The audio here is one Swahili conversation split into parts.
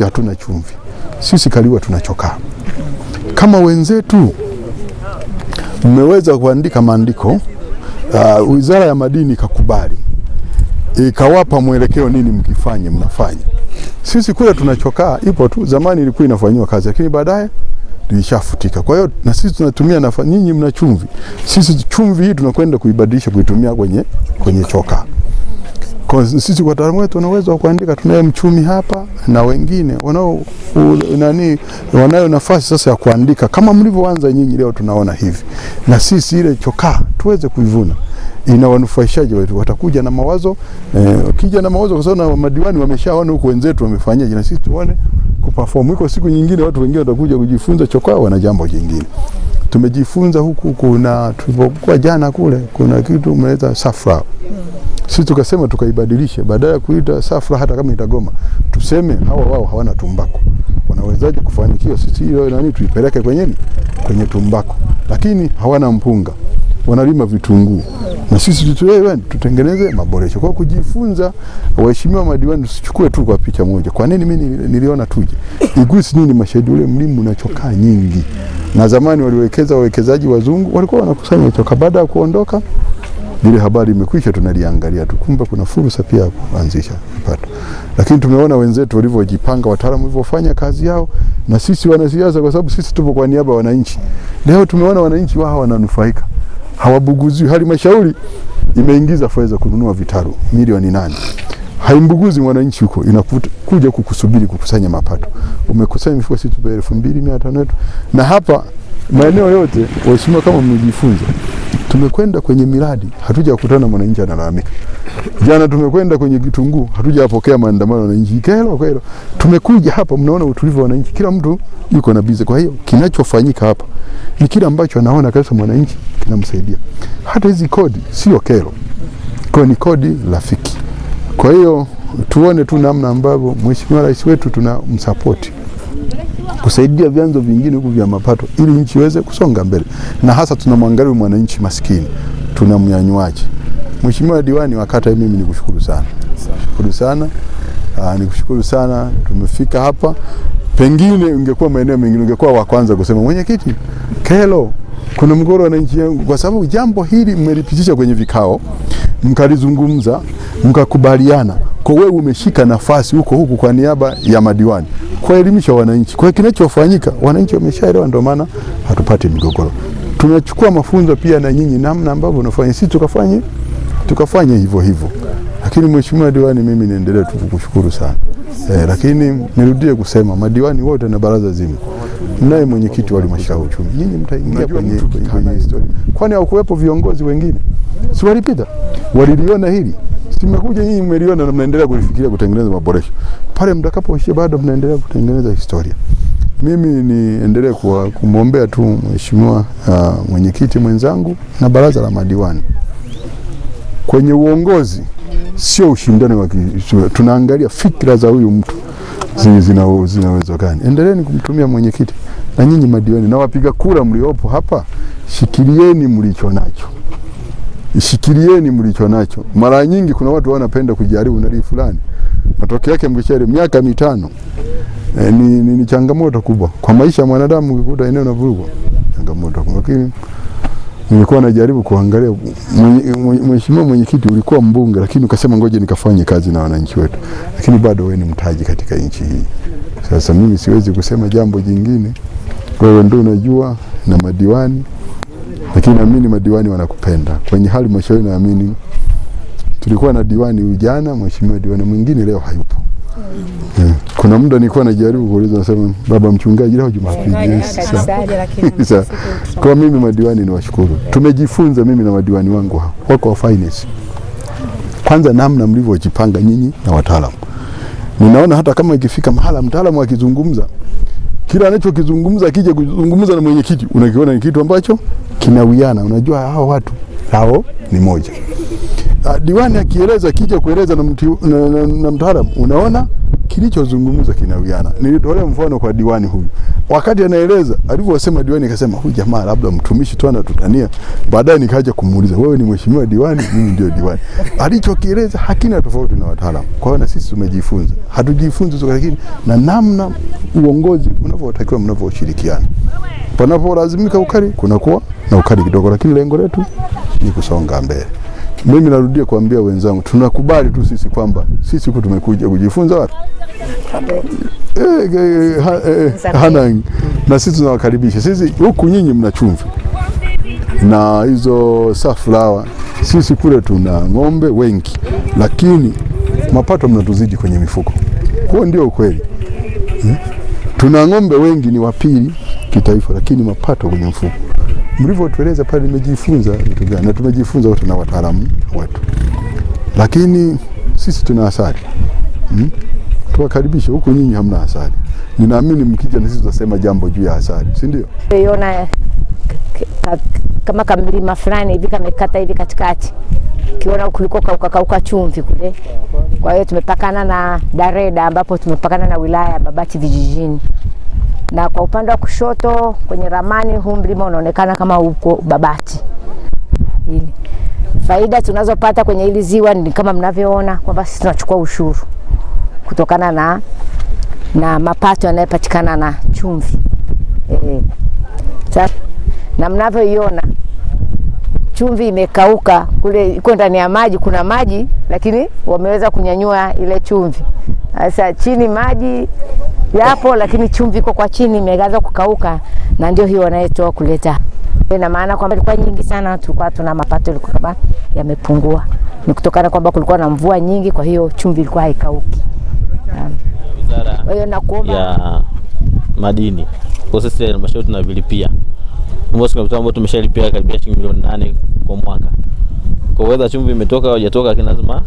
sisi hatuna chumvi, sisi kaliwa tunachokaa. Kama wenzetu mmeweza kuandika maandiko, uh, Wizara ya Madini ikakubali ikawapa mwelekeo, nini mkifanye, mnafanya. Sisi kule tunachokaa ipo tu. Zamani ilikuwa inafanyiwa kazi, lakini baadaye ilishafutika. Kwa hiyo na sisi tunatumia nafasi. Nyinyi mna chumvi, sisi chumvi hii tunakwenda kuibadilisha, kuitumia kwenye, kwenye chokaa. Kwa sisi kwa wetu yetu uwezo kuandika. Tunaye mchumi hapa na wengine wanao nani, wanayo nafasi sasa ya kuandika kama mlivyoanza nyinyi leo, tunaona hivi na sisi ile chokaa tuweze kuivuna ina wanufaishaji wetu, watakuja na mawazo eh, kija na mawazo kwa sababu na madiwani wameshaona huko wenzetu wamefanyaje, na sisi tuone kuperform iko siku nyingine, watu wengine watakuja kujifunza chokaa, wana jambo jingine tumejifunza huku. Kuna tulipokuwa jana kule, kuna kitu mnaita safra sisi tukasema tukaibadilisha, badala ya kuita Safra hata kama itagoma, tuseme hawa wao hawana tumbaku, wanawezaje kufanikiwa? Sisi hiyo nani tuipeleke kwenye kwenye tumbaku, lakini hawana mpunga, wanalima vitunguu na sisi tutoe eh, tutengeneze maboresho kwa kujifunza. Waheshimiwa madiwani, tusichukue tu kwa picha moja. Kwa nini mimi niliona tuje Igusi nini mashahidi, ule mlima unachokaa nyingi, na zamani waliwekeza wawekezaji wazungu walikuwa wanakusanya choka, baada ya kuondoka ile habari imekwisha, tunaliangalia tu, kumbe kuna fursa pia ya kuanzisha pato. Lakini tumeona wenzetu walivyojipanga, wataalamu walivyofanya kazi yao, na sisi wanasiasa, kwa sababu sisi tupo kwa niaba ya wananchi. Leo tumeona wananchi wao wananufaika, hawabuguzi. Halmashauri imeingiza fedha kununua vitalu milioni nane haimbuguzi mwananchi huko, inakuja kukusubiri kukusanya mapato. Umekusanya mifuko sisi tupe elfu mbili mia tano yetu, na hapa maeneo yote waheshimiwa, kama mmejifunza Tumekwenda kwenye miradi hatujakutana mwananchi analalamika. Jana tumekwenda kwenye kitunguu hatujapokea maandamano wananchi. Kero kero. Tumekuja hapa, mnaona utulivu wa wananchi, kila mtu yuko na bize. Kwa hiyo kinachofanyika hapa ni kile ambacho anaona kabisa mwananchi kinamsaidia. Hata hizi kodi sio kero, kwa ni kodi rafiki. Kwa hiyo tuone tu namna ambavyo mheshimiwa rais wetu tunamsapoti kusaidia vyanzo vingine huku vya mapato ili nchi iweze kusonga mbele, na hasa tunamwangalia mwananchi maskini, tunamnyanyuaje? Mheshimiwa diwani wa kata, mimi nikushukuru sana, nikushukuru sana, ah, nikushukuru sana. Tumefika hapa, pengine ungekuwa maeneo mengine ungekuwa wa kwanza kusema mwenyekiti, kelo, kuna mgogoro nchi yangu, kwa sababu jambo hili mmelipitisha kwenye vikao, mkalizungumza, mkakubaliana. Kwa wewe umeshika nafasi huko huku kwa niaba ya madiwani kuwaelimisha wananchi. Kwa hiyo kinachofanyika, wananchi wameshaelewa, ndio maana hatupati migogoro. Tunachukua mafunzo pia na nyinyi, namna ambavyo unafanya, sisi tukafanye tukafanye hivyo hivyo. Lakini mheshimiwa diwani, mimi niendelee tu kukushukuru sana eh, lakini nirudie kusema madiwani wote na baraza zima, mnaye mwenyekiti wa halmashauri uchumi, nyinyi mtaingia kwenye historia. Kwani hawakuwepo viongozi wengine? Si walipita, waliliona hili tumekuja nyinyi mmeliona na mnaendelea kulifikiria kutengeneza maboresho pale mtakapoishia, bado mnaendelea kutengeneza historia. Mimi niendelee kwa kumwombea tu mheshimiwa uh, mwenyekiti mwenzangu na baraza la madiwani kwenye uongozi, sio ushindani wa tunaangalia fikra za huyu mtu zinawezekana zina, zina. Endeleeni kumtumia mwenyekiti na nyinyi madiwani na wapiga kura mliopo hapa, shikilieni mlicho nacho. Ishikilieni mlicho nacho. Mara nyingi kuna watu wanapenda kujaribu na fulani, matokeo yake mkishare miaka mitano e, ni, ni, ni changamoto kubwa kwa maisha ya mwanadamu. Ukikuta eneo na vurugu, changamoto kubwa. Lakini nilikuwa najaribu kuangalia, mheshimiwa mwenyekiti, ulikuwa mbunge, lakini ukasema ngoje nikafanye kazi na wananchi wetu, lakini bado wewe ni mtaji katika nchi hii. Sasa mimi siwezi kusema jambo jingine, wewe ndio unajua na madiwani lakini naamini madiwani wanakupenda kwenye halmashauri. Naamini tulikuwa na diwani ujana, mheshimiwa diwani mwingine leo hayupo. Yeah. Mm. Kuna muda nilikuwa najaribu kuuliza, nasema baba mchungaji, leo Jumapili. Kwa mimi madiwani ni washukuru, mm. tumejifunza mimi na madiwani wangu wako wa finance. Kwanza namna mlivyojipanga nyinyi na wataalamu, ninaona hata kama ikifika mahala mtaalamu akizungumza, kila anachokizungumza akija kuzungumza na mwenyekiti, unakiona ni kitu ambacho kinawiana. Unajua hao watu hao ni moja uh, diwani akieleza kija kueleza na, na, na, na na mtaalamu, unaona kilichozungumza kinawiana. Nilitolea mfano kwa diwani huyu, wakati anaeleza alivyosema diwani, akasema huyu jamaa labda mtumishi tu anatutania. Baadaye nikaja kumuuliza, wewe ni mheshimiwa diwani? mimi ndio diwani. Alichokieleza hakina tofauti na wataalamu. Kwa hiyo na sisi tumejifunza, hatujifunzi lakini na namna uongozi unavyotakiwa, mnavyoshirikiana. Panapolazimika ukali kunakuwa na ukali kidogo, lakini lengo letu ni kusonga mbele. Mimi narudia kuambia wenzangu, tunakubali tu sisi kwamba sisi huku tumekuja kujifunza wapi eh, eh, eh, Hanang, na sisi tunawakaribisha. Sisi huku nyinyi mna chumvi na hizo safrawa, sisi kule tuna ng'ombe wengi, lakini mapato mnatuzidi kwenye mifuko. Huo ndio ukweli hmm? Tuna ng'ombe wengi, ni wapili kitaifa, lakini mapato kwenye mfuko mlivyotueleza pale, nimejifunza vitu gani, na tumejifunza wote na wataalamu wetu, lakini sisi tuna asali hmm? Tuwakaribishe huku, nyinyi hamna asali. Ninaamini mkija na sisi tutasema jambo juu ya asali, si ndio? Tuiona kama kamlima fulani hivi kamekata hivi katikati, kiona kuliko kaukakauka chumvi kule. Kwa hiyo tumepakana na Dareda, ambapo tumepakana na wilaya ya Babati vijijini na kwa upande wa kushoto kwenye ramani huu mlima unaonekana kama uko Babati. Hili faida tunazopata kwenye hili ziwa ni kama mnavyoona kwamba sisi tunachukua ushuru kutokana na, na mapato yanayopatikana na chumvi e, na mnavyoiona chumvi imekauka kule, iko ndani ya maji, kuna maji lakini wameweza kunyanyua ile chumvi. Sasa chini maji yapo, lakini chumvi iko kwa chini, imeanza kukauka, na ndio hiyo wanayetoa kuleta. Ina maana kwamba ilikuwa nyingi sana, tulikuwa tuna mapato ilikuwa yamepungua, ni kutokana kwamba kulikuwa na mvua nyingi, kwa hiyo chumvi ilikuwa haikauki. Kwa hiyo nakuomba ya madini kwa sisi halmashauri tunavilipia mbosi, kuna vitu ambavyo tumeshalipia karibia shilingi milioni nane kwa mwaka. Kwa hiyo chumvi imetoka au hajatoka, lakini lazima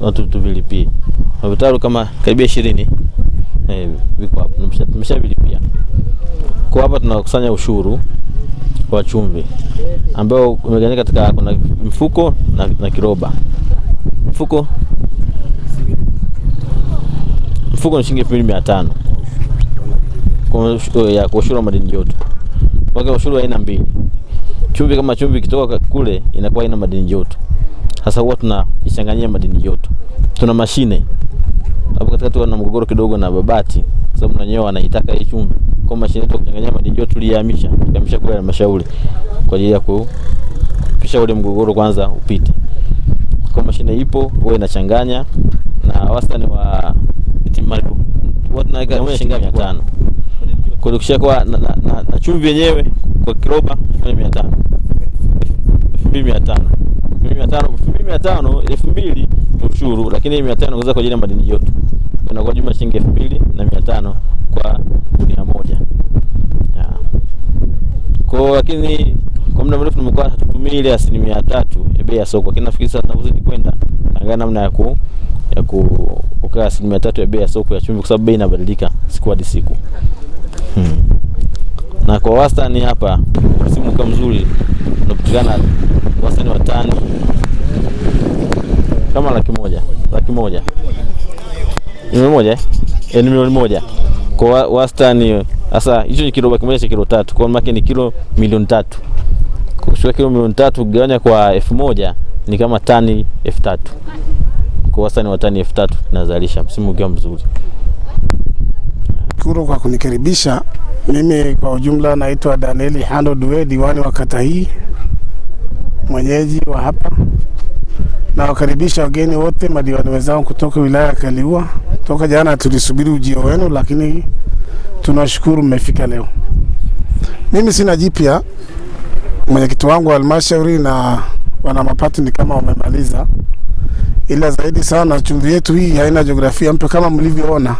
watu tuvilipie. Vitalu kama karibia 20 eh, viko hapo Kwa hapa tunakusanya ushuru wa chumvi ambao umegawanyika katika kuna mfuko na, na kiroba. Mfuko mfuko ni shilingi elfu mbili mia tano kwa eh, ushuru wa madini joto. Kwa ushuru aina mbili, chumvi kama chumvi kitoka kule inakuwa ina madini joto. Sasa huwa tunaichanganyia madini joto, tuna mashine hapo katikati wana mgogoro kidogo na Babati kwa sababu wenyewe wanaitaka hii chumvi. Kwa mashine yetu kuchanganya maji yote tuliyahamisha, tukahamisha kwa halmashauri kwa ajili ya kupisha ule mgogoro kwanza upite. Kwa mashine ipo huwa inachanganya na wastani wa timaru watu naweka shilingi 500. Kwa hiyo kwa na, na, na, na chumvi yenyewe kwa kiroba shilingi 500. 2500. 2500 2500 2000 ushuru, lakini 500 ongeza kwa ajili ya madini yote unakuwa jumla shilingi elfu mbili na mia tano kwa gunia moja kwa lakini kwa muda mrefu tumekuwa hatutumii ile asilimia tatu ya bei ya soko, lakini nafikiri sasa tunazidi kwenda angalia namna ya ku ya kukaa asilimia tatu ya bei ya soko ya chumvi, kwa sababu bei inabadilika siku hadi siku hmm. Na kwa wastani hapa msimu kama mzuri unapatikana wastani wa tani kama laki moja laki moja milioni moja eh? eh ni milioni moja kwa wastani. Sasa eh, hicho ni kilo kimoja cha kilo tatu, kwa maana ni kilo milioni tatu. Kuchukua kilo milioni tatu gawanya kwa elfu moja ni kama tani elfu tatu kwa wastani wa tani elfu tatu tunazalisha msimu ukiwa mzuri. Shukuru kwa kunikaribisha. Mimi kwa ujumla naitwa Danieli Hando Due, diwani wa kata hii, mwenyeji wa hapa. Nawakaribisha wageni wote madiwani wenzangu kutoka wilaya ya Kaliua. Toka jana tulisubiri ujio wenu, lakini tunashukuru mmefika leo. Mimi sina jipya. Mwenyekiti wangu wa halmashauri na wana mapato ni kama wamemaliza, ila zaidi sana chumvi yetu hii haina jiografia mpe. Kama mlivyoona,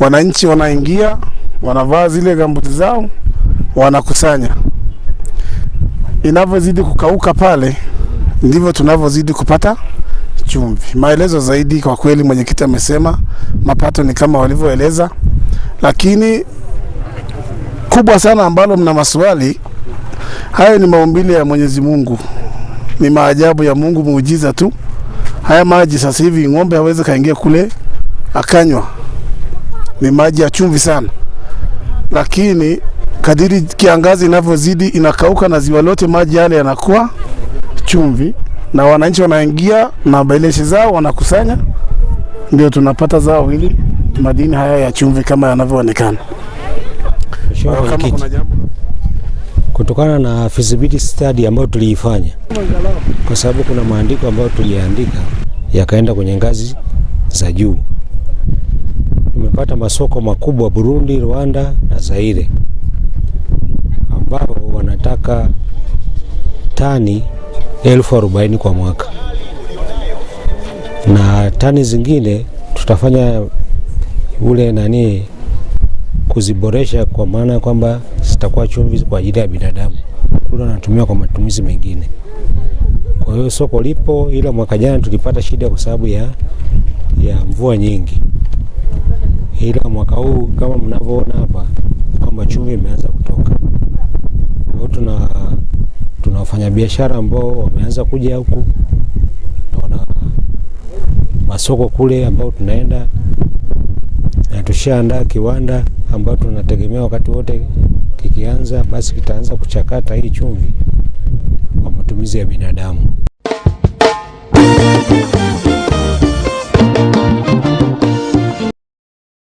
wananchi wanaingia, wanavaa zile gambuti zao, wanakusanya. Inavyozidi kukauka pale ndivyo tunavyozidi kupata Chumvi. Maelezo zaidi, kwa kweli mwenyekiti amesema mapato ni kama walivyoeleza, lakini kubwa sana ambalo mna maswali hayo ni maumbile ya Mwenyezi Mungu, ni maajabu ya Mungu, muujiza tu. Haya maji sasa hivi ng'ombe hawezi kaingia kule akanywa, ni maji ya chumvi sana, lakini kadiri kiangazi inavyozidi inakauka na ziwa lote maji yale yanakuwa chumvi na wananchi wanaingia na bailesi zao wanakusanya, ndio tunapata zao hili madini haya ya chumvi kama yanavyoonekana. Kutokana na feasibility study ambayo tuliifanya, kwa sababu kuna maandiko ambayo tuliandika yakaenda kwenye ngazi za juu, tumepata masoko makubwa Burundi, Rwanda na Zaire ambao wanataka tani elfu arobaini kwa mwaka, na tani zingine tutafanya ule nani kuziboresha, kwa maana ya kwamba zitakuwa chumvi kwa ajili ya binadamu kule, anatumiwa kwa matumizi mengine. Kwa hiyo soko lipo, ila mwaka jana tulipata shida kwa sababu ya, ya mvua nyingi, ila mwaka huu kama mnavyoona hapa kwamba chumvi imeanza kutoka, kwa hiyo tuna tuna wafanyabiashara ambao wameanza kuja huku na masoko kule ambao tunaenda na tushaandaa kiwanda ambao tunategemea wakati wote kikianza, basi kitaanza kuchakata hii chumvi kwa matumizi ya binadamu.